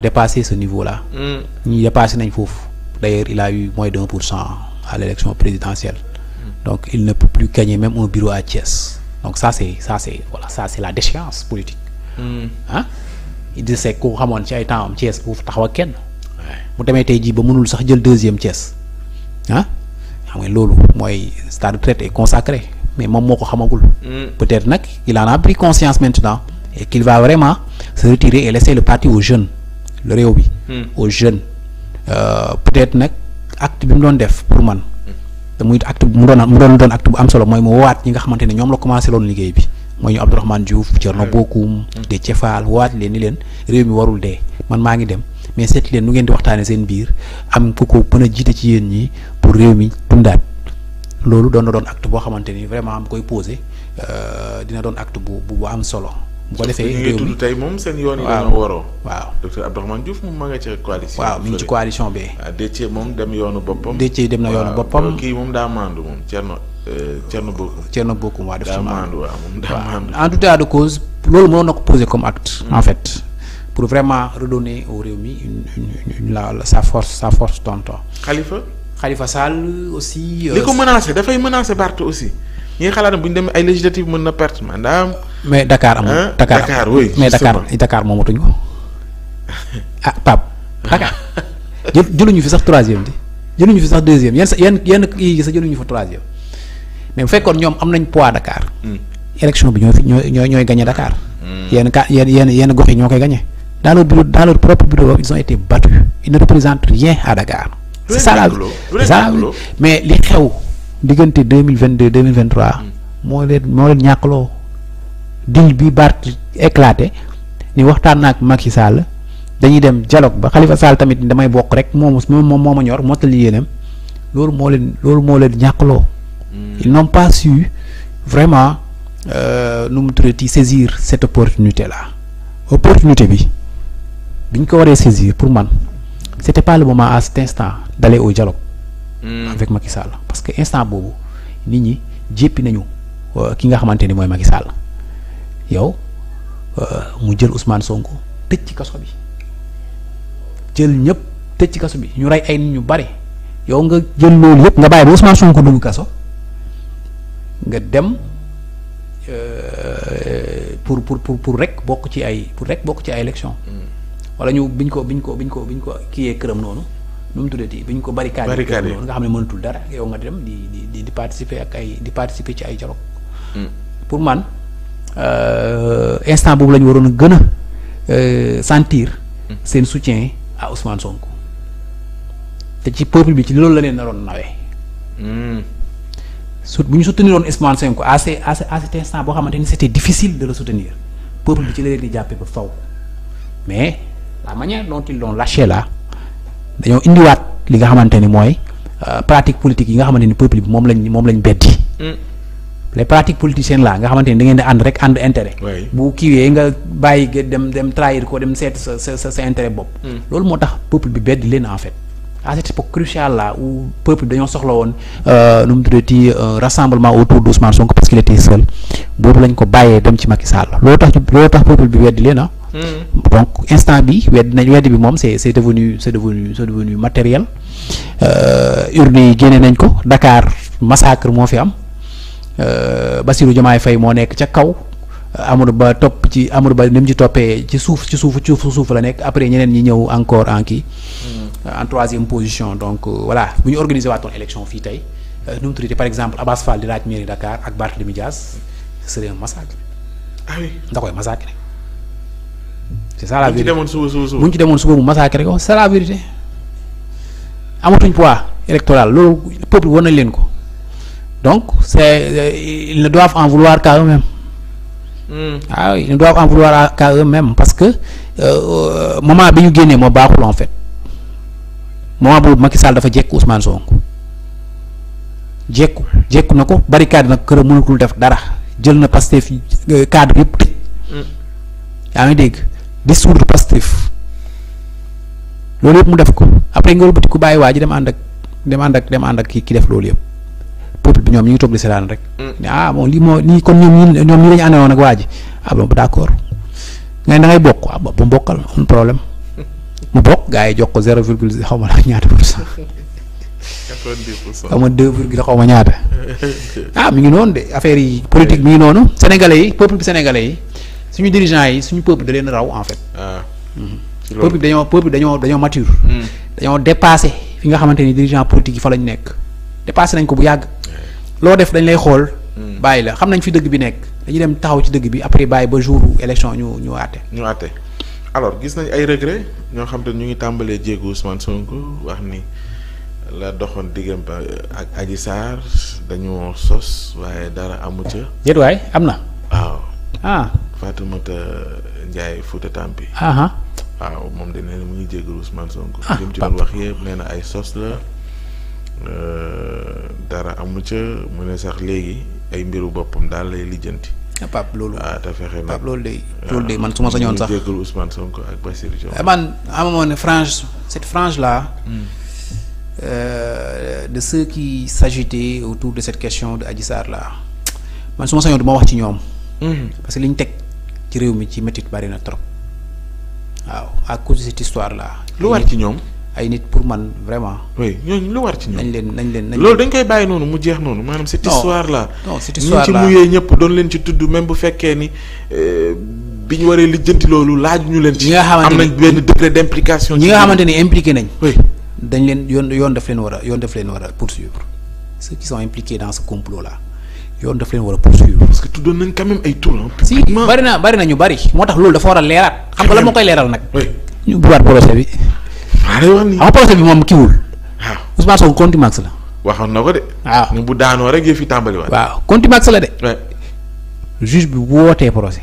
dépassé ce niveau-là. Mm. ñu dépassé nañ foofu d'ailleurs il a eu moins d'un pour cent à l'élection présidentielle. Mm. donc il ne peut plus gagner même un bureau à Thiès donc ça c'est ça c'est la déchéance politique. ah Idrissa Seck koo xamoon ci ay temps am foofu taxaw ak kenn. mu demee tey jii ba mënul sax jël deuxième Thiès ah xam nga loolu mooy sa retraite est consacrée mais moom moo xamagul. Mm. peut-être nag a pris conscience maintenant et qu'il va vraiment se retirer et laisser le parti jeunes. réew bi hmm. aux jeunes euh, peut-être nag acte bi mu doon def pour man te muy acte mu doon mu doon doon acte bu am solo mooy mu waat ñi nga xamante ne ñoom la commencé loon liggéey bi mooy ñu Abdourahmane Diouf Thierno hmm. Bocoum hmm. Déthié Fall waat leen ni leen réew mi warul dee man maa ngi dem mais seet leen nu ngeen di waxtaanee seen biir am ku ko ci yéen ñi pour réew mi dundaat loolu doon na doon acte boo xamante ni vraiment am koy posé euh, dina doon act bu bu am solo bu moom seen yoon yi dañoo waroo waaw docteur Abdourahmane Diouf moom ma nga ci coalition waaw mi ngi ci coalition bi waaw ah, Déthié moom dem yoonu boppam Déthié dem na yoonu boppam kii moom en tout état de cause loolu mënoon na ko poser comme acte hmm. en fait pour vraiment redonner au réew mi une une la sa force sa force tonton Khalifa Khalifa Sall aussi euh, li ko menacé dafay menacé Barth aussi ñi xalaat ne bu ñu demee ay législative mën na perte maanaam mais dakaar amul Dakar mais Dakar Dakar moomatuñ ko ah Pape Dakar jël jëluñu fi sax troisième di jëluñu fi sax deuxième yan yenn yenn yi gi sax jëluñu fa troisième mais bu fekkoon ñoom am nañ poids Dakar. Hmm. élection bi ñoo fi ñooy ñooy ñooy gagné Dakar. Hmm. yenn ka yenn yenn yenn ñoo koy gagné. dans leur bureau dans leur propre bureau ils ont été battus ils ne représentent rien à Dakar. mais li xew diggante deux mille vingt deux deux mille vingt trois hmm. moo leen moo leen ñàkkloo. deal bi Barth éclaté ni waxtaan naa ak Macky Sall dañuy dem dialogue ba xalifa Sall tamit damay bokk rek moom moom moo ma ñor mottali yéenam loolu moo leen loolu moo leen ñàkkloo. Hmm. ils n'ont pas su vraiment euh, nu mu tuddati saisir cette opportunité là opportunité bi biñ ko waree saisir pour man c'était pas le moment à cet instant d'aller au dialogue. Hmm. avec Macky Sall parce que instant boobu nit ñi jéppi nañu euh, ki nga xamante ni mooy Macky Sall. yow euh, mu jël Ousmane Sonko tëj ci kaso bi jël ñëpp tëj ci kaso bi ñu rey ay nit ñu bari yow nga jël loolu yëpp nga bàyyi bu Ousmane Sonko dugg kaso nga dem euh, pour pour pour pour rek bokk ci ay pour rek bokk ci ay élection mm. wala ñu biñ ko biñ ko biñ ko biñ ko kiiyee këram noonu nu mu tuddati biñ ko barricade noonu nga xam ne mënatul dara yow nga dem di di di participer ak ay di participer ci ay dialogue mm. pour man Euh, instant boobu la ñu waroon a gëna a euh, sentir mm. seen soutien à Ousmane Sonko te ci peuple bi ci loolu la leen naroon nawe mm. su bu ñu soutenir woon Ousmane Sonko à ce instant boo xamante ni c'était difficile de le soutenir peuple bi ci la leen di jàppee ba faw mais la manière dont ils l'ont lâché dañoo indiwaat li nga xamante ni mooy euh, pratique politique yi nga xamante ni peuple bi moom lañ moom lañu beddi mm. les pratiques politiciennes là nga xamante ni da ngeen di ànd rek ànd intérêt. bu kiiwee nga bàyyi nga dem dem trahir ko dem seet sa sa sa intérêt bopp. Hmm. loolu moo tax peuple bi bedd leen en fait. à cette époque cruciale là où peuple bi dañoo soxla woon euh, nu mu tuddati euh, rassemblement autour d'Ousmane Sonko parce qu'il était seul boobu lañ ko bàyyee dem ci Macky Sall loolu tax loolu tax peuple bi weddi leen ah. Hmm. donc instant bi wedd nañ wedd bi moom c'est c'est devenu c'est devenu c'est devenu matériel euh, nañ ko Dakar massacre moo fi am. Euh, Bassirou Diomaye fay moo nekk ca kaw Amadou Ba topp ci Amadou Ba ni mu ci toppee ci suuf ci suuf ci suuf la nekk après ñeneen ñi ñëw encore en kii. Hmm. en troisième position donc euh, voilà bu ñu organiser waatoon élection fii tey euh, nu mu par exemple Abass Fall di laaj mairie Dakar ak Barthélémy Dias ce serait un massacre. ah oui da koy massacrer. c' est ça la vérité ci demoon suba suba bu ñu ci demoon suba mu massacrer ko c' est amatuñ poids électoral loolu peuple war nañ leen ko. donc c'est euh, ils ne doivent en vouloir qu'à eux waaw hmm. ah ne doivent en vouloir qu'à eux parce que euh, euh, moment bi ñu génnee moo baaxul en fait moment bu Macky Sall dafa jekku Ousmane Sonko jekku jekku na ko barricade kër këram mënatul def dara jël na Pastef euh, cadre yëpp tëj hmm. yaa ngi dégg dissoudre Pastef loolu yëpp mu def ko après nga wëlbati ku bàyyi waa dem ànd ak dem ànd ak dem ànd ak ki ki def loolu yëpp peuple bi ñoom ñu ngi toog di seetaan rek. ah bon lii moo lii kon ñoom ñii ñoom ñii dañu àndewoon ak waa ji ah bon d' accord ngay da ngay bokk ah bon bu mu bokkal amul problème mu bokk gars yi jox ko zéro virgule xaw ma ñaata pour cent. quatre-vingt-dix pour cent xaw ma deux virgule xaw ma ñaata. ah mi ngi noonu de affaire yi politique mi ngi noonu. sénégalais yi peuple bi sénégalais yi suñu dirigeants yi suñu peuple da leen raw en fait. Ah. Mhm. peuple bi dañoo peuple dañoo dañoo mature. Mm. dañoo dépassé fi nga xamante ni dirigeant politique yi fa lañ nekk. dépassé nañ ko bu yàgg. loo def dañ lay xool. Mm. bàyyi la xam nañ fi dëgg bi nekk dañuy dem taxaw ci dëgg bi après bàyyi ba jour élection ñu ñu àtte. ñu àtte alors gis nañ ay regret ñoo xam ne ñu ngi tàmbalee jéego Ousmane Sonko wax ni la doxoon diggante ak Adji Sarr sos waaye dara amu ca. déet waay am na. waaw. ah Fatoumata Ndiaye Fouta Tampi. Ah, ah. waaw moom de nee mu ñu jégalu Ousmane Sonko. ah li mu ci doon wax yëpp nee na ay sos la. Euh, dara amu ca mu ne sax léegi ay mbiru boppam daal lay lijjanti. Ah, Pape loolu. ah te fexe na Pape loolu day. Ah, loolu day man su ma sañoon sax ñu jégalu ak Bassirou Diomaye. Eh, man amoon ne frange cette frange là. Hmm. Euh, de ceux qui s'agitaient autour de cette question de Adji Sarr là man su ma sañoon du wax ci ñoom. Hmm. parce que li teg ci réew mi ci métit bari na trop waaw à cause de cette histoire là. lu war ci ñoom. ay nit pour man vraiment. oui ñooñu lu war leen nañ leen nañ. loolu dañ koy bàyyi noonu mu jeex noonu maanaam cette histoire là. non cette histoire là ñi ci muyee ñëpp doon leen ci bu ni euh, ñu waree lijjanti loolu laaj ñu leen. ci am nañ benn degré d' implication. ñi nga xamante ni impliqué nañ. dañ leen yoon yoon daf leen war a yoon daf leen war a poursuivre ceux qui sont impliqués dans ce complot là. yoon daf leen war a poursuivre. parce que tuddoon nañ quand même ay tour si bari na bari na ñu bari. moo tax loolu dafa war a leeraat. xam nga la moo koy leeral nag. ñu buwaat procès bi. waaw procès bi moom kiwul. waaw Ousmane Sonko contumax la. waxoon na ko de. waaw ni bu daanoo rek yëf yi tàmbaliwaat. waaw contumax la de. juge bi wootee procès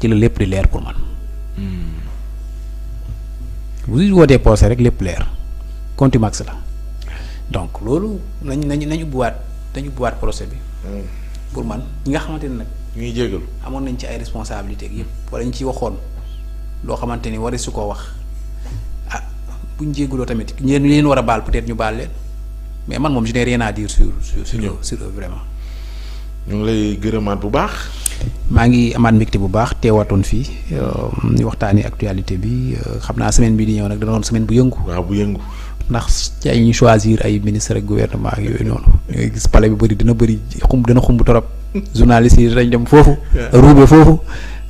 ci la lépp di leer pour man. bu hmm. juge wootee procès rek lépp leer contumax la donc loolu nañ nañ nañu buwaat nañu buwaat procès bi. Hmm. pour man ñi nga xamante ne nag. ñuy jégalu amoon nañ ci ay responsabilité yëpp wala ñu ci waxoon loo xamante ni wari su ko wax. buñ jégguloo tamit ñeen leen war a baal peut-être ñu baal leen mais man moom je n'ai rien à dire sur sur sur sur eux, vraiment. ñu ngi lay gërëmaat bu baax. maa ngi amaat mbégte bu baax teewatoon fii euh, ñu waxtaanee actualité bi euh, xam naa semaine bi di ñëw nag dana doon semaine bu yëngu. waaw bu yëngu. ndax ci ay ñu choisir ay ministre ak gouvernement ak yooyu noonu. ñooy gis palais bi bëri dana bëri xum dana xumb torop journaliste yi dañ dem foofu. ruube foofu.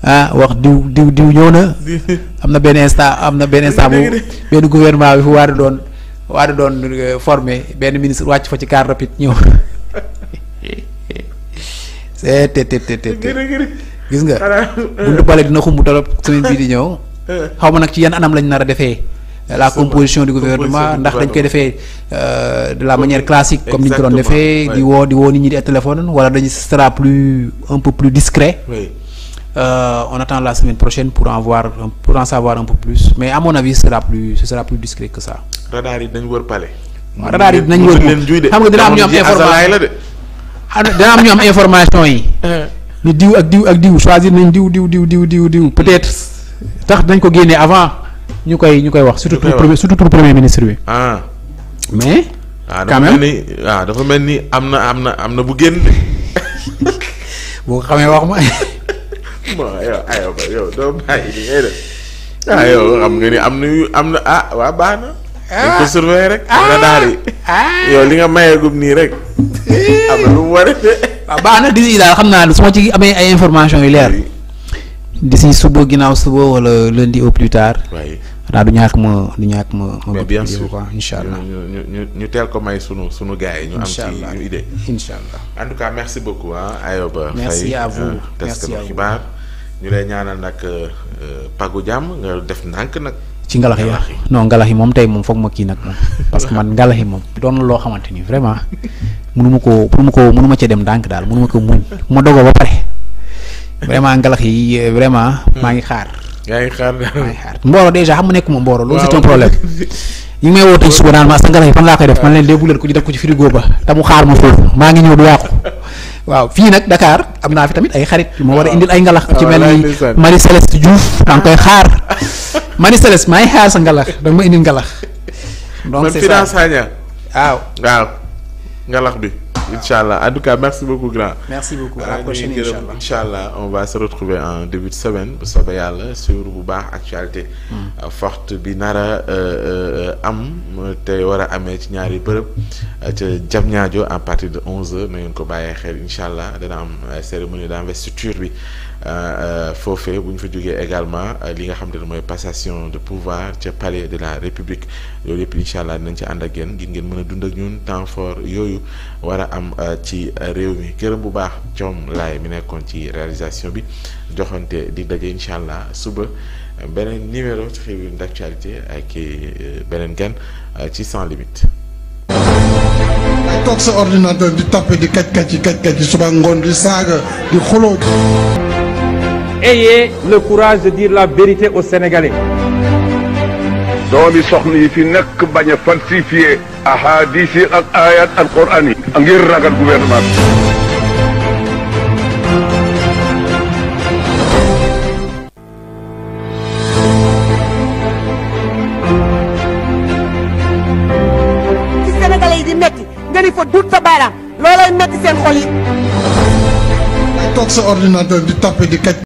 ah wax diw diw diw ñëw na. am na benn instant am na benn instant bu benn gouvernement bi fu waa doon waa di doon euh, formé benn ministre wàcc fa ci car rapide ñëw. c'est te te te gis nga euh. buntu pale dina xumb torop semaine bii di ñëw euh. xaw ma nag ci yan anam lañ nar a defee la composition du gouvernement ndax dañ koy defee de la manière classique comme ni ñu ko doon defee di woo di woo nit ñi di ay téléphone wala dañu sera plus un peu plus discret Euh, on attend la semaine prochaine pour en voir pour en savoir un peu plus mais à mon avis ce sera plus ce sera plus discret que ça. radar yi dañ wër palais. waaw radar yi dinañ wër xam nga dina am ñu am information ah, dina ñu am yi. ni diw ak diw ak diw choisir nañ diw diw diw diw diw diw peut-être tax dañ ko génne avant ñu koy ñu koy wax. surtout pour premier surtout pour ministre bi. Ah. mais. Ah, quand même dafa mel ni am na am na am na bu génn. boo xamee wax ma. bon yow aywa ba yow doo bàyyi li ah, xam nga ni am na ah waa baax na. Ah. Ah. nii rek. am na lu mu war de. waaw baax na d'ici daal xam naa su ma ci amee ay information yu leer. d'ici suba ginnaaw suba wala lundi au plus tard. waaw du ñàkk ma du ñàkk ma ma. mais bien sûr quoi incha allah ñu teel ko may sunu sunu gars yi. ñu am ci ñu idée incha allah. en merci beaucoup Ayoba. Euh, merci à vous ñu lay ñaanal nag euh, euh, pagu jàmm nga def ndànk nag. ci ngalax yi non ngalax yi moom tey moom foog ma kii nag moom parce que man ngalax yi moom doon na loo xamante ni vraiment mënu ma koo mënu ma koo mënu ma dem ndànk daal mënu ma ko muñ ma dogoo ba pare vraiment ngalax yi vraiment. Hmm. maa ngi xaar. yaa ngi xaar daal mbooro dèjà xam nga nekk mu mbooro. loolu c'est un problème. yi may woo tey suba naan ma sangara yi fan laa koy def man leen dee bu leen ko ñu def ko ci frigo ba te xaar ma foofu maa ngi ñëw du yàqu waaw fii nag Dakar am naa fi tamit ay xarit yu ma war a indil ay ngalax ci ah, mel ni Marie Céleste Diouf maa ngi koy xaar Marie Céleste maa ngi xaar sa ngalax danga ma indil ngalax donc c'est ça waaw waaw ngalax bi incha allah en tout cas merci beaucoup grand. merci beaucoup à la euh, prochaine incha allah on va se retrouver en début de semaine bu soobee yàlla suivre bu baax actualité. Hmm. Euh, fort bi nara euh, am te war amee ci ñaari bërëb ca Diamniadio à partir de onze heures na ngeen ko bàyyee xel incha allah dana am cérémonie d'investiture bi. foofee bu ñu fa jógee également li nga xam te ne mooy passation de pouvoir ca palais de la république loolu yëpp incha allah dinañ ci ànd ak yéen ngir ngeen mën a dund ak ñun temps fort yooyu war am am euh, ci réew mi këram bu baax coom laay mi nekkoon ci réalisation bi joxante di daje incha allah suba beneen numéro ci tribune d'actualité ak euh, beneen gan euh, ci sans limite. toog sa ordinateur di tappe di kaj kaj kaj suba ngoon di saaga di xuloo. Ayez le courage de dire la vérité aux Sénégalais. doomi soxna yi fi nekk bañ a falsifié ahadis yi ak ayat alquran yi ngir ragal gouvernement bi loolay metti seen xol yi. toog sa ordinateur di tapé di kaj